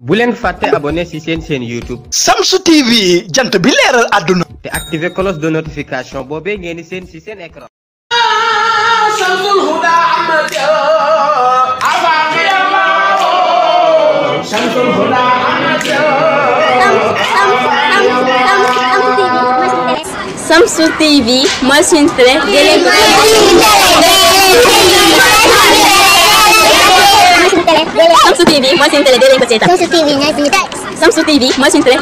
bu len faté abonné ci sen sen YouTube Samsung TV jant bi leral aduna té activer cloche de notification bobé ngeen sen ci sen écran samsul huda amat afaqiya samsul huda amat Samsung TV mooy 3, télé. Samsu TV mooy suñu télé dinañ ko seetaan. Samsu TV ñooy suñu télé. Samsu TV mooy suñu télé.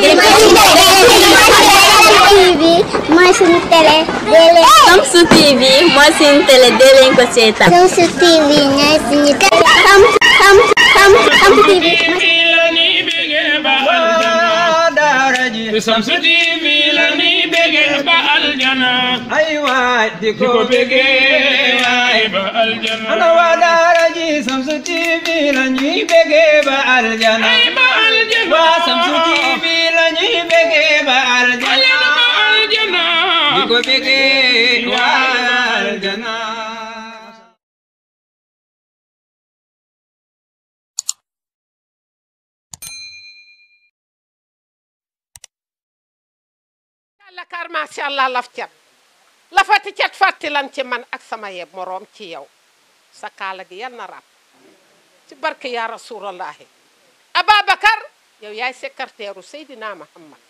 mooy suñu télé dinañ Samsu TV mooy suñu télé dinañ ko seetaan. Samsu TV ñooy suñu télé. Samsu Samsu Samsu Samsu TV. Samsu TV la ñuy bëgg ba aljana. Aywa di ko bëgg. ana waa daara ji Shamsu TV la ñuy bégee ba aljana waa Shamsu TV la ñuy bégee ba aljana di ko bégee waa aljana la kar macha Allah laf cat la fati cat ci man ak sama yeb moroom ci yow sa kaala gi yal na ràpp ci barke yaa rasulallahi Ababacar yow yaay secrétaire Seydina Muhammad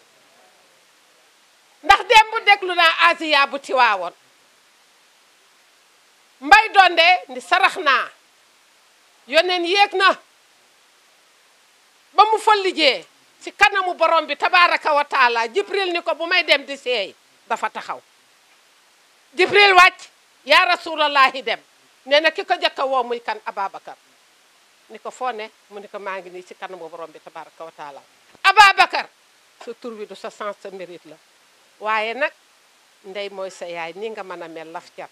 ndax dem bu déglu naa Asiya bu tiwaawoon mbay donde ndi sarax naa yoneen yéeg na ba mu fa liggéey ci kanamu borom bi tabaraka wa Jibril ni ko bu may dem di seey dafa taxaw jibril wàcc yaa rasulallahi dem nee ki ko jëkk woo muy kan Ababacar ni ko foo mu ni ko maa ngi nii ci kanamu borom bi tabaraka wa taala Ababacar sa tur wi du sa sens la waaye nag ndey mooy sa yaay ni nga mën a mel laf cat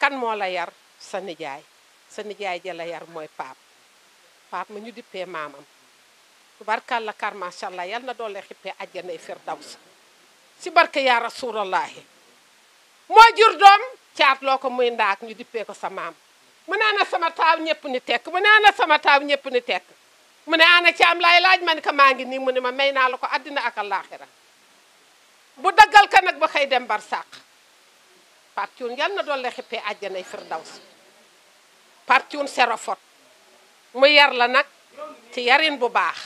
kan moo la yar sa nijaay sa nijaay ja la yar mooy paap paap ma ñu dippee maamam tubarkàlla kar macha allah yal na doole xippee ajjanay firdaws si barke yaa rasulallahi moo jur doom caat loo ko muy ndaak ñu dippee ko sa maam mu ne ana sama taaw ñëpp ni tekk mu ne ana sama taaw ñëpp ni tekk mu ne ana ci am laay laaj ma ni ko maa ngi nii mu ne ma may naa la ko addina ak alaaxira bu daggal ka nag ba xëy dem bar sàq parcuun yal na doon la xippee àjjanay firdaws parcuun serofot mu yar la nag ci yarin bu baax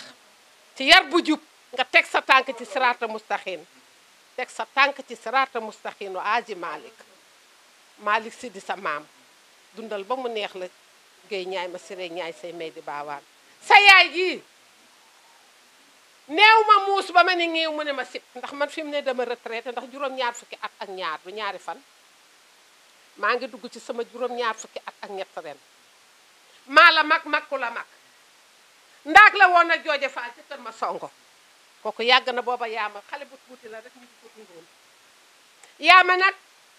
ci yar bu jub nga teg sa tànk ci siraata mustaxin teg sa tànk ci saraata mustaqiim aaji Malick Malick si di sa maam dundal ba mu neex la géey ñaay ma siree ñaay say may di baawaan sa yaay jii neew ma muus ba ma ni ngiw mu ne ma sib ndax man fi mu ne dama retraité ndax juróom-ñaar fukki at ak ñaar du ñaari fan maa ngi dugg ci sama juróom-ñaar fukki at ak ñett ren maa la mag mag ku la mag ndaag la woon ak jooje faal jëkkër ma songo kooku yàgg na booba yaama xale bu tuuti la rek yaama nag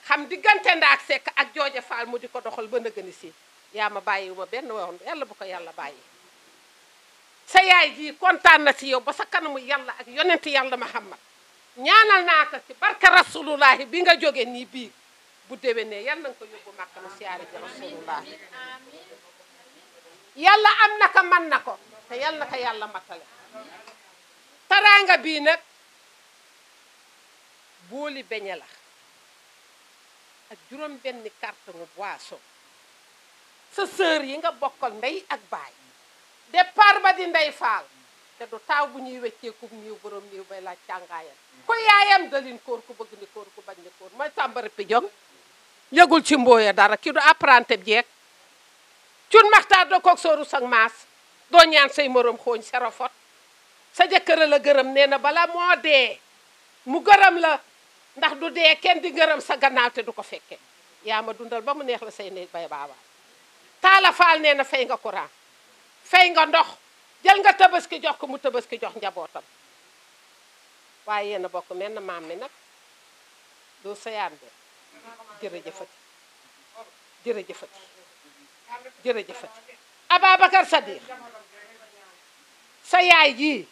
xam diggante ak sekk ak jooje faal mu di ko doxal ba nëgëni si yaama bàyyiwu ma benn woon yàlla bu ko yàlla bàyyi sa yaay jii kontaan na si yow ba sa kanamu yàlla ak yonent yàlla Muhammad ñaanal naa ko ci barka rasulullahi bi nga jóge nii bii bu déwénee yal na nga ko yóbbu Màkka mu siyaare ji rasulullahi yàlla am na ko man na ko te yal ko yàlla matale taraanga bii nag booli beñe la ak juróom benni carton boisson sa sœur yi nga bokkal ndey ak baay départ ba di ndey faal te du taaw bu ñuy wecceeku niiw borom niiw bay laaj càngaayam ku yaayam dalin kóor ku bëgg ni kóor ku bañ ni kóor mooy sàmbara pijong yëgul ci mbooya dara ki du apprenti jeeg cun maxtaar doo koog sooru sag maas doo ñaan say morom xooñ serofot sa jëkkër la gërëm nee na bala moo dee mu gërëm la ndax du dee kenn di gërëm sa gannaaw te du ko fekke yaa dundal ba mu neex la say ne bay baabaa taala faal nee na fay nga courant fay nga ndox jël nga tabaski jox ko mu tabaski jox njabootam waaye yéen a bokk mel na maam mi nag doo sayaan de jërëjëfati jërëjëfati jërëjëfati Ababacar Sadiq sa yaay jii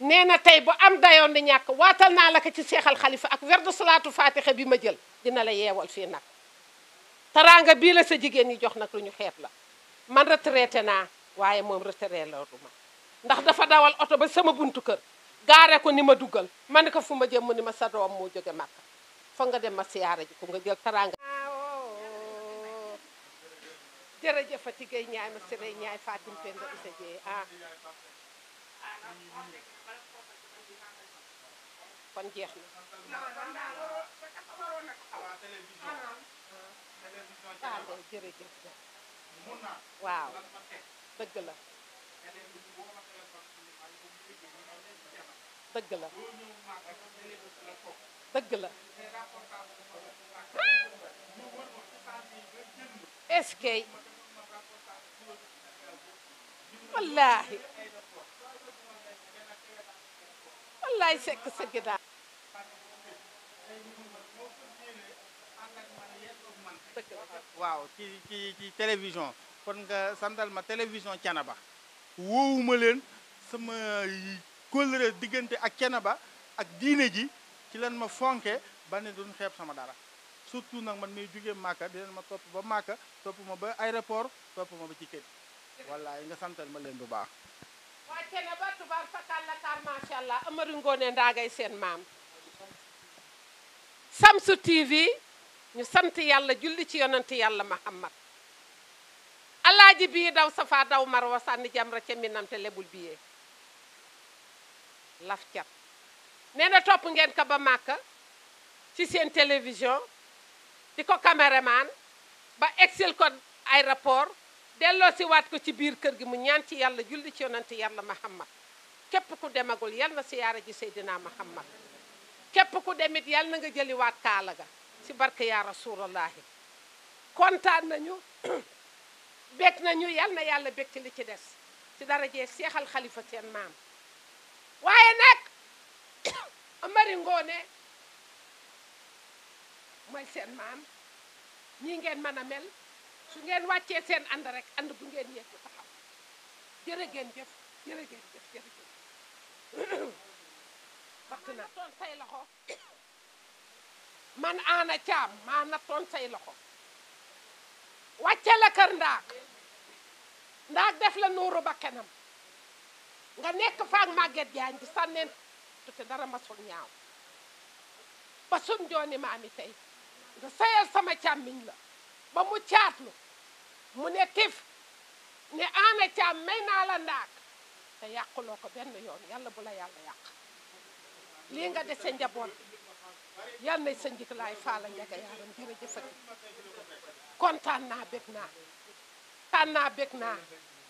nee na tey bu am dayoon di ñàkk waatal naa la ko ci seexal xalifa ak werdu salaatu fatiha bi ma jël dina la yeewal fii nag taraanga bii la sa jigéen ñi jox nag lu ñu xeeb la man retraité naa waaye moom retraité loolu ma ndax dafa dawal oto ba sama buntu kër gaare ko ni ma duggal ma ne ko fu ma jëm mu ni ma sa doom moo jóge màkk foog nga dem ma siyaara ji ko nga jël taraanga jërëjëf Fatick Gueye Ndiaye ma Siré Ndiaye Fatim Penda Issa Dieye ah. kon jeex na. ah jërëjëf waaw dëgg la. dëgg la wallaahi wallaay sekk sa gidaar waaw ci ci ci télévision kon nga santal ma télévision Thiénaba woowuma leen sama kóllëre diggante ak ba ak diine ji ci leen ma fonke ba ne duñ xeeb sama dara surtout nag ma may jógee Màkka di leen ma topp ba Màkka topp ma ba aéroport topp ma ba ci wallaay nga santal ma leen bu baax waa cene ba tubaar fakal la kaar allah Amari Ngoone Ndaagay seen maam Samsu TV ñu sant yàlla julli ci yonent yàlla Muhammad alaaji bii daw safa daw marwa sànni jamra ca minam te lebul biyee laf cat nee topp ngeen ko ba makk ci seen télévision di ko caméraman ba excel ko aéroport delloo si waat ko ci biir kër gi mu ñaan ci yàlla julli ci yonante yàlla Muhammad képp ku demagul yal na siyaara ji Seydina Muhammad képp ku demit yal na nga jëliwaat kaala ga si barke yaa rasulallahi kontaan nañu bég nañu yal na yàlla bég li ci des ci darajee seexal xalifa seen maam waaye nag Amari Ngoone mooy seen maam ñii ngeen mën a mel su ngeen wàccee seen ànd rek ànd bu ngeen yegg taxaw jërë ngeen jëf jërë jëf jërë jëf bakk na toon say loxo man aana caam maa nattoon say loxo wàcce la kër ndaak ndaak def la nuuru ba kenam nga nekk faak màgget jaañ bi sànneen te dara masul ñaaw ba sum jooni maami tey nga sayal sama càmmiñ la ba mu caatlu mu ne tif ne aana caam may naa la ndaak te yàquloo ko benn yoon yàlla bu la yàlla yàq lii nga dese njaboot yal nañ sa njiglaay faala njaga yaaram jërëjëfati kontaan naa bég naa kontaan naa bég naa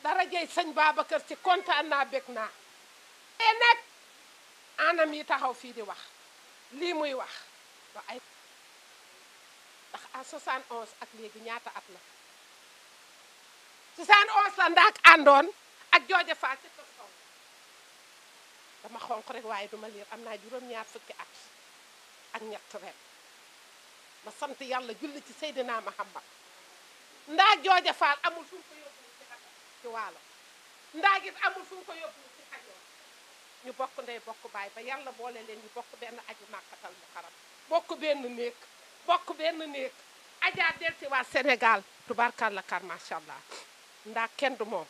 darajey sëñ Babacar ci kontaan naa bég naa te nag yi taxaw fii di wax lii muy wax ndax à 71 ak léegi ñaata at la 71 la ndaak àndoon ak jooja faa ca kër Sow dama xonq rek waaye duma liir am naa juróom-ñaar at ak ñett ren ma sant yàlla julli ci Seydina Muhammad ndaag jooja faal amul fu mu ko yóbbu ci ak waalo ndaag it amul fu mu ko yóbbu ci ajoor ñu bokk ndey bokk baay ba yàlla boole leen ñu bokk benn aju màkkatal mu xaram bokk benn néeg bokk benn néeg ajaa delsi waa Sénégal tubaarkàlla kar macha allah ndaa kenn du moom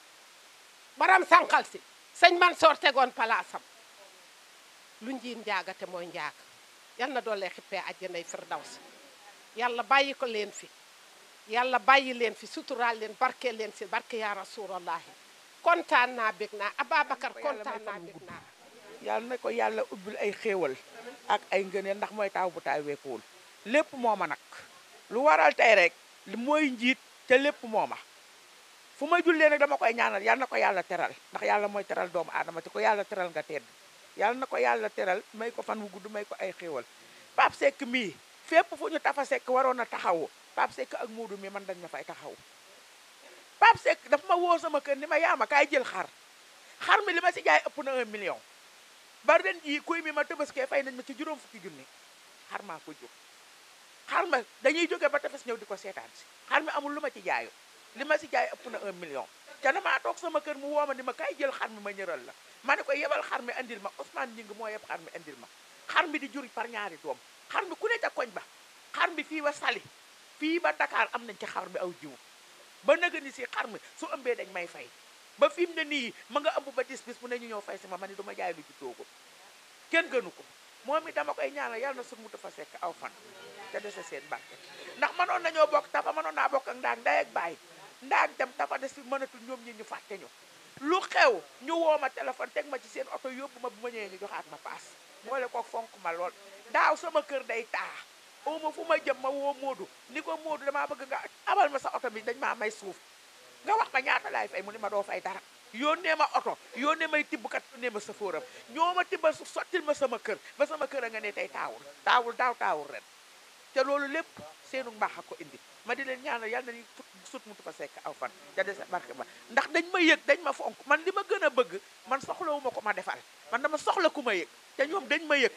baram sànqal si sëñ Mansoor tegoon palaasam lu njiin njaaga te mooy njaag yal na doole xippee àjjanay firdaws yàlla bàyyi ko leen fi yàlla bàyyi leen fi suturaal leen barke leen si barke yaa rasulallahi kontaan naa bég naa Ababacar kontaan naa bég naa yàlla na ko yàlla ubbil ay xéewal ak ay ngëneel ndax mooy taaw bu taawee kuwul lépp mooma nag lu waral tey rek mooy njiit te lépp mooma fu ma jullee nag dama koy ñaanal yal na ko yàlla teral ndax yàlla mooy teral doomu aadama te ko yàlla teral nga tedd yal na ko yàlla teral may ko fan wu gudd may ko ay xéewal Pape Seck mii fépp fu ñu tafa sekk waroon a taxawu Pape Seck ak Moodu mi man dañ ma fay taxaw Pape Seck daf ma woo sama kër ni ma yaama kaay jël xar xar mi li ma si jaay ëpp na un million bari den ji kuy mi ma tëbaskee nañ ma ci juróom fukki junni xar ko xar ma dañuy jóge ba tefes ñëw di ko seetaan si xar mi amul lu ma ci jaayu li ma si jaay ëpp na un million te damaa toog sama kër mu woo ma ni ma kay jël xar mi ma ñëral la ma ne ko yebal xar mi indil ma Ousmane Gningue moo yeb xar mi indil ma xar mi di jur par ñaari doom xar mi ku ne ca koñ ba xar mi fii ba sali fii ba Dakar am nañ ci xar mi aw jiw ba nëga si xar mi su ambee dañ may fay ba fi mu ne nii mën nga ëmb ba dis bis mu ne ñu ñëw fay si ma ma ni du ma jaay lu juddoo ko kenn gënu ko moom it dama koy ñaanal yàlla na sumutu fa sekk aw fan te dese seen barke ndax mënoon nañoo bokk tafa mënoon naa bokk ak ndaag nday ak bàyyi ndaag dem tafa des mënatul ñoom ñi ñu fàtte ñu lu xew ñu woo ma téléphone teg ma ci seen oto yóbbu ma bu ma ñëwee ñu joxaat ma paas boole ko fonk ma lool daaw sama kër day taa uma fu ma jëm ma woo Moodu ni ko Moodu damaa bëgg nga abal ma sa oto bi dañ maa may suuf nga wax ma ñaata laay fay mu ne ma doo fay dara yónnee ma oto yónnee may tibbkat yónnee ma sa fóoram ñoo ma tibbal suuf sottil ma sama kër ba sama kër a nga ne tey taawul taawul daaw taawul ren té loolu lepp seenu mbax ko indi ma di len ñaanal yalla nañu fut sut mutu fa Alfan. aw fan ca des barke ba ndax dañ ma yëg dañ ma fonk man lima gëna bëgg man wu mako ma defal man dama soxla ku ma té ñoom dañ ma yëg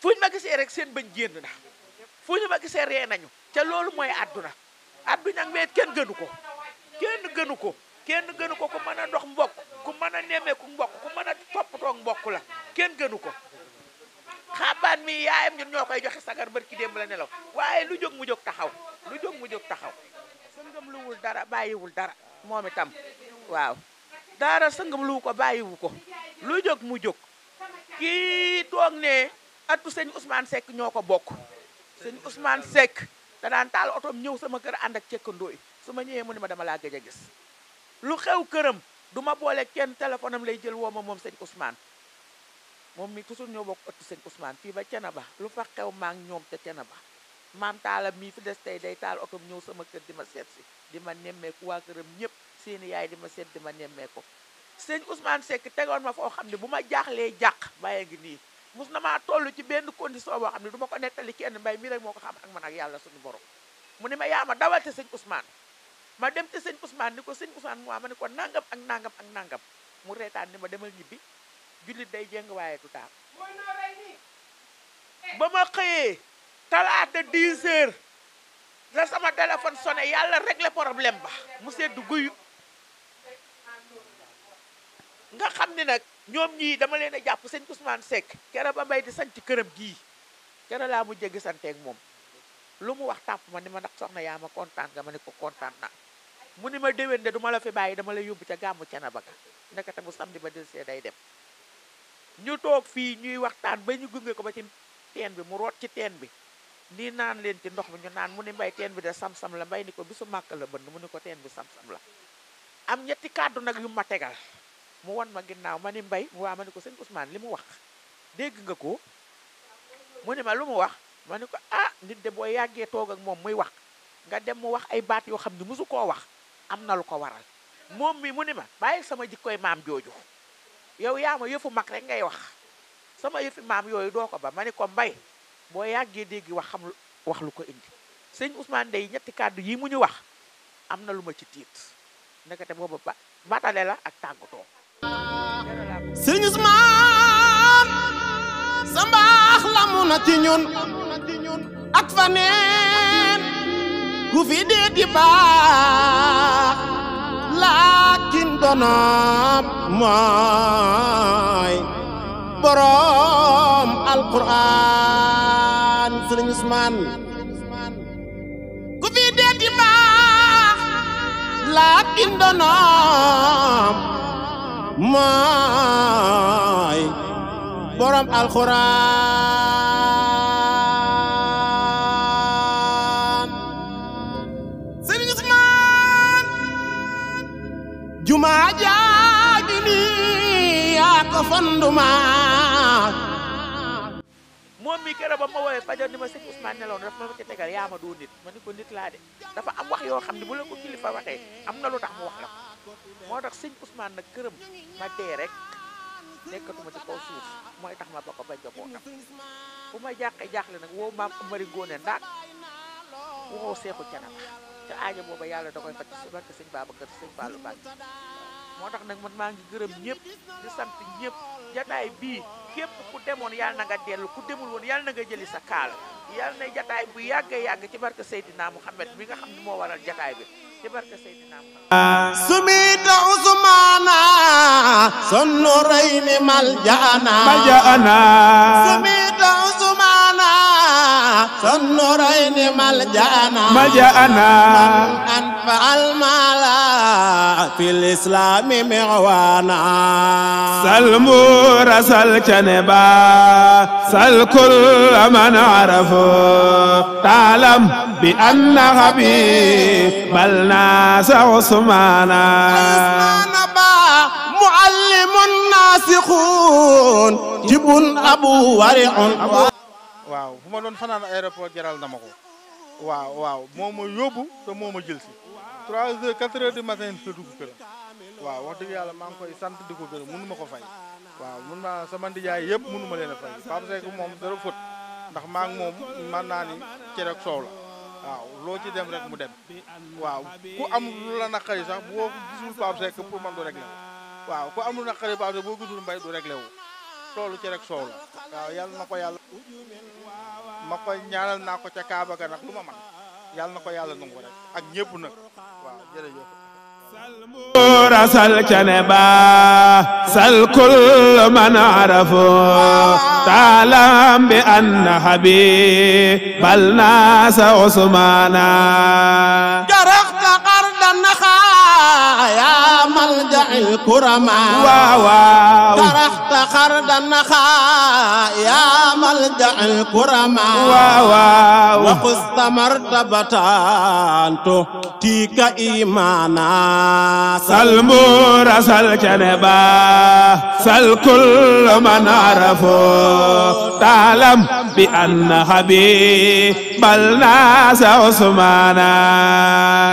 fuñ ma gisé rek seen bañ gën na fuñ ma gisé ré nañu té loolu moy aduna àdduna nag weet kenn gënu ko kenn gënu ko kenn gënu ko ku mëna dox mbokk ku mëna némé ku mbokk ku mëna top tok mbokk la kenn gënu ko xambaan mi yaayam ñun ñoo koy joxe sagar bërki démb la nelaw waaye lu jóg mu jóg taxaw lu jóg mu jóg taxaw sëngam luwul dara bàyyiwul dara moom itam waaw dara sëngam luwu ko bàyyiwu ko lu jóg mu jóg kii toog ne atu sëñ Ousmane sekk ñoo ko bokk sëñ Ousmane Seck danaan taal otoom ñëw sama kër ànd ak cekkandoo yi su ma ñëwee mu ne ma dama laa gëj a lu xew këram du ma boole kenn téléphone am lay jël woo ma moom sëñ Ousmane moom mi toujours ñoo bokk ëttu sëñ Ousmane fii ba Thiénaba lu fa xew maa ngi ñoom ca Thiénaba maam taala mii fi des tey day taal otom ñëw sama kër di ma seet si di ma nemmeeku waa këram ñëpp seeni yaay di ma seet di ma nemmeeku sëñ Ousmane Seck tegoon ma foo xam ne bu ma jaaxlee jàq bàyyi ngi nii mus na maa toll ci benn condition boo xam ne du ma ko nettali kenn mbay mi rek moo ko xam ak man ak yàlla suñu borom mu ne ma yaa ma dawal te sëñ Ousmane ma dem te sëñ Ousmane ni ko sëñ Ousmane mu ma ne ko nangam ak nangam ak nangam mu reetaan ni ma demal ñibbi jullit day jéng waaye du daal eh. ba ma xëyee talaata 10 heures la sama téléphone sonné yàlla réglé problème ba mu sedd guyu nga xam ni nag ñoom ñii dama leen a jàpp sëñ Ousmane Seck kere ba mbay di sanc këram gii kere laa mu jéggi santeeg moom lu mu wax tàpp ma ni ma ndax soxna yaa ma kontaan nga ma ne ko kontaan na mu ni ma déwén de duma la fi bàyyi dama lay yóbbu ca gàmmu ca na baga ndekete bu samedi ba del see day dem ñu toog fii ñuy waxtaan ba ñu gunge ko ba ci teen bi mu root ci teen bi nii naan leen ci ndox mi ñu naan mu ne mbay teen bi de sam la mbay ni ko bisu màkk la bënn mu ko teen bi sam-sam la am ñetti kàddu nag yu ma tegal mu won ma ginnaaw ma ni mbay waa ma ni ko sëñ Ousmane li mu wax dégg nga ko mu ni ma lu mu wax ma ni ko ah nit de boo yàggee toog ak moom muy wax nga dem mu wax ay baat yoo xam ne mosu koo wax am na lu ko waral moom mi mu ni ma bàyyi sama jikkoy maam jooju yow ya, ma yëfu mak rek ngay wax sama yëfi mam yoy do ko ba ma ko mbay boo yàggee deg wax xam wax lu ko indi seigne Ousmane day ñetti kàddu yi mu ñu wax amna luma ci tit naka te bobu ba matale la ak tanguto seigne Ousmane sa mbaax na ci ñun ak fanen ku fi dee di ba laakin donoom mooy boroom alquran sëriñ Ousmane ku fi dee di baax laakin donoom mooy boroom alquran jumaa jaa ngi nii yaa ko fondement moom mi keroog ba ma woowee fajar ni ma sëñ Ousmane neloon daf ma ci tegal dafa am wax yoo xam ne bu la ko kilifa waxee am na lu tax mu wax la ko moo tax sëñ Ousmane nag këram ma dee rek nekkatuma ci kaw suuf mooy tax ma ba ko ba jabootam bu ma jàqee jaaxle nag woo maam Amari Ngoone Ndaak woo Seexu Canaba te aajo booba yàlla da koy faj si barke sëñ Babacar sëñ Fallou Mbacke moo tax nag man maa ngi gërëm ñëpp di sant ñëpp jataay bi képp ku demoon yàlla na nga dellu ku demul woon yàlla na nga jëli sa kaala yàlla na jataay bu yàgg yàgg ci barke Seydina Mouhamed mi nga xam ne moo waral jataay bi ci barke Seydina Mouhamed sumita usmana sonnurayni mal jaana mal سنورين ملجأنا ملجأنا أنفع المال في الإسلام معوانا سلموا رسل جنبا سل كل من عرفه تعلم بأن غبي بل ناس عثمانا معلم ناسخون جب أبو ورع waaw bu ma doon fanaan aéroport jaral na ma ko waaw waaw moo ma yóbbu te moom ma jël si trois heures quatre heures du matin la dugg këram waaw wax dëgg yàlla maa ngi koy sant di ko gërëm mun ma ko fay waaw mun ma sama ndijaay mun mënu ma leen a fay Pape Seck moom dara fët ndax maa moom man naa ni cere ak soow la waaw loo ci dem rek mu dem waaw ku am lu la naqari sax boo gisul Pape Seck pour man du réglé waaw ku am lu naqari Pape Seck boo gisul mbay du réglé wu toolu ci rek soow la waaw yàlla na ko yàlla ma ko ñaanal naa ko ca Kaaba ga nag lu ma man yàlla na ko yàlla nangu rek ak ñëpp nag waaw jërëjëf salmura sal cane ba sal kull man arafu taalam bi anna habib bal naasa usmaana jaraxta qardan xaaya مرجع الكرماء واو طرحت خرد النخاء يا ملجأ الكرماء واو وقست مرتبة تؤتيك إيمانا سل مور سل جنبا سل كل من عرفه تعلم بأن حبيب الناس عثمانا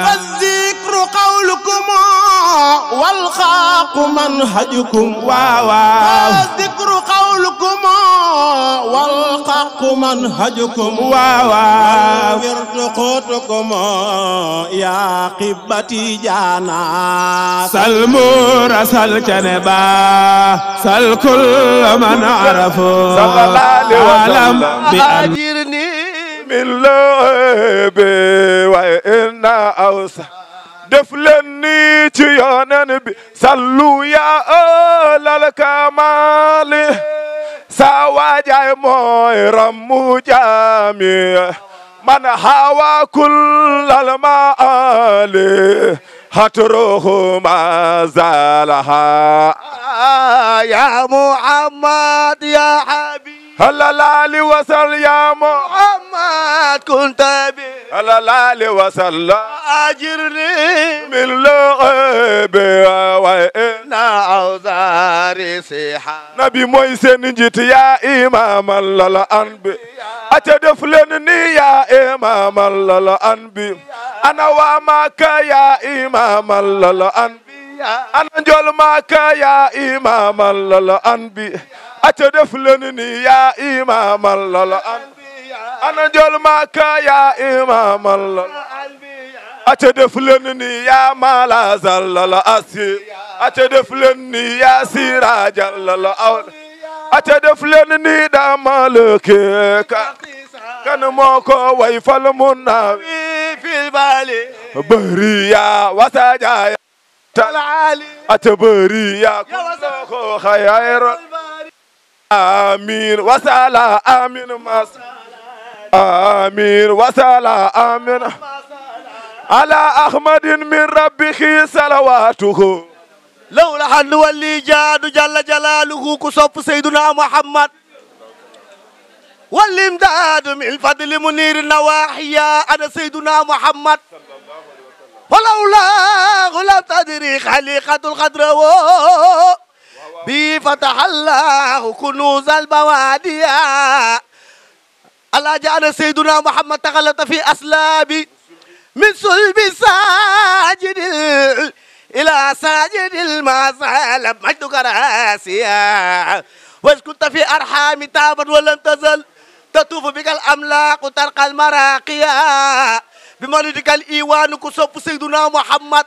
فالذكر قول والخاق منهجكم واوا ذكر قولكم والخاق منهجكم واوا ورد قوتكم يا قبتي جانا سلموا رسل كنبا سل كل من عرفوا صلى الله عليه وسلم بأجرني بالله وإنا أوسع def leen ci yoneen bi sallu ya alal kamali sa waajaay mooy rammu jaami man hawa kullal maali hatruhu ma zalaha ya muhammad ya habib halal ali wasal ya muhammad kunta bi على الآل وسلم أجرني من لغب وإنا أوزاري سيحا نبي موسى نجيت يا إمام الأنبياء أتدف لني يا إمام الأنبياء أنا وماك يا إمام الأنبياء ana njol maka ya imam al-anbi atadef lenni ya imam al-anbi أنا جل ماك يا إمام الله أتدفلني يا مالا زل أسي أتدفلني يا سراج الله أول أتدفلني دا مالكك كان موكو ويفال منا في بالي بريا وساجا يا أتبريا يا خيار أمين وسالا أمين مصر آمين امين على أحمد من ربه صلواته لولا حن ولي جاد جل جلاله كصف سيدنا محمد والامداد من الفضل منير النواحي أنا سيدنا محمد ولولا لم تدري خليقة الخضر بي الله كنوز البوادي الله جعل سيدنا محمد تغلط في أسلابي من صلب ساجد إلى ساجد ما زال مجدك راسيا وإذ كنت في أرحام تابا ولم تزل تطوف بك الأملاق ترقى المراقيا بمولدك الإيوان كسب سيدنا محمد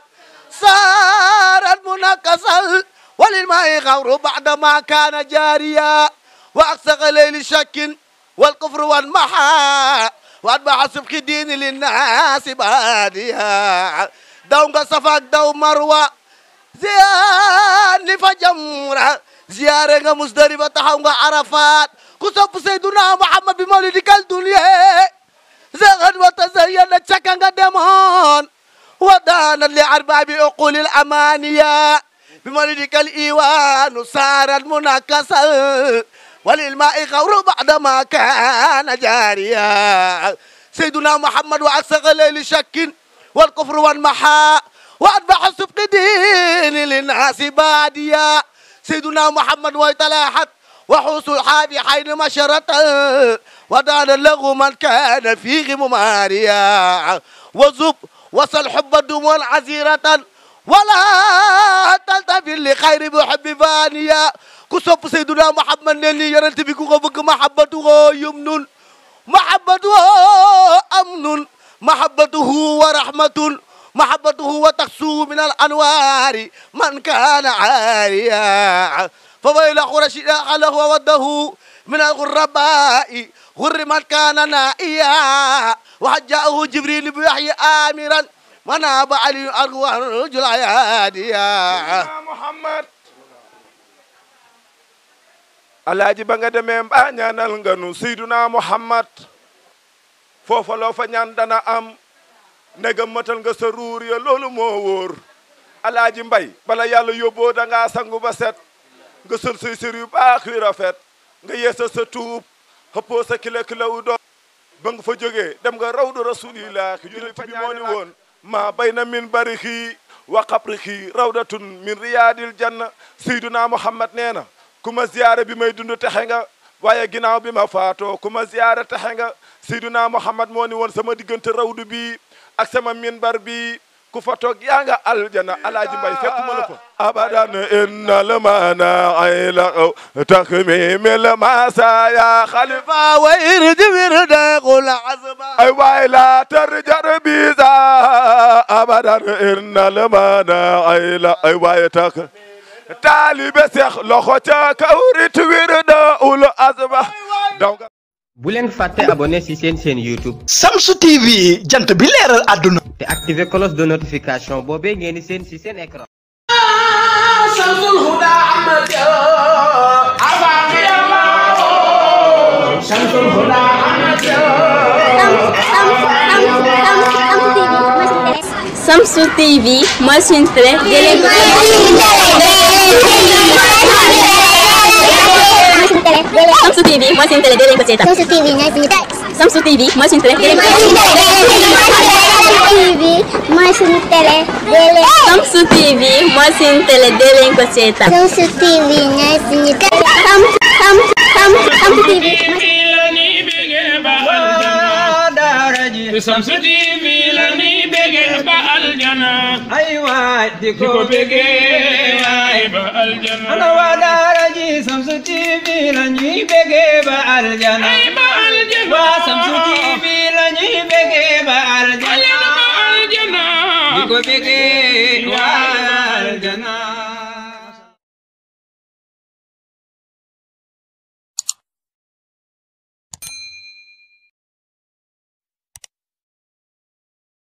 صارت منكسا وللماء غور بعد ما كان جاريا وأقصى ليل شك والكفر والمحا وأتبع حسب دين للناس باديا دوم قصفا دوم مروى زيان فجمرة زيارة مزدربة تحوم عرفات كسب سيدنا محمد بمولد الدنيا زغن وتزين تشكن دمون ودان لأرباب عقول الأمانية بمولد الإيوان صار المناكسة وللماء غور بعدما كان جاريا سيدنا محمد وعسق ليل شك والكفر والمحاء وأتبع سبق دين للناس باديا سيدنا محمد ويتلاحت وحوس الحادي حين مشرت ودان له من كان فيه مماريا وزب وصل حب الدموع عزيرة ولا تلتفي لخير بحب فانيا كسوف سيدنا محمد نني يرتي بكو غبك محبته يمن محبته امن محبته ورحمه محبته وتخسو من الانوار من كان عاريا فويل قرش اخله وده من الغرباء غر من كان نائيا وحجاه جبريل بوحي امرا mana ba ali arwa julayadiya muhammad alaaji ba nga demee mbaa ñaanal nga nu seyduna muhammad foofa loo fa ñaan dana am nega matal nga sa ruur loolu moo wóor alaaji mbay bala yàlla yóbboo da ngaa sangu ba set nga sol say sër yu baax rafet nga yeesal sa tuub xëppoo sa kila kila wu doon ba fa jógee dem nga rawdu rasulillahi jullit bi moo ni woon ma bayna min barixi wa qabrixi rawdatun min riyaadil janna seyduna muhammad nee na ku ma bi may dund texe nga waaye ginnaaw bi ma faatoo ku ma ziyaare texe nga seyduna muhammad moo ni sama diggante rawdu bi ak sama minbar bi ku fa toog yaa nga aljana alaaji mbay fekkuma la ko abadan innal mana ayla taxmimil masa ya xalifa wa irji wirdaqul azba ay waay la tarjar bisa abadan innal mana ayla ay waay tak taalibe seex loxo ca kawrit wirdaul azba donc bu leen fàtte abonné ci sen sen YouTube Samsung TV jant bi leral aduna té activer cloche de notification boobee ngén di seen ci sen écran samsul huda amati afaqi allah salmul huda amati TV mooy suñu Samsung TV mai sunt tele de TV mai sunt Samsung TV mai sunt tele TV mai TV mai sunt TV TV TV ba aljana ay waay di ko bege waay ba aljana ana waa daara ji Shamsu TV la ñuy bege ba aljana ay ba aljana waa Shamsu TV la ñuy bege ba aljana di ko bege waay aljana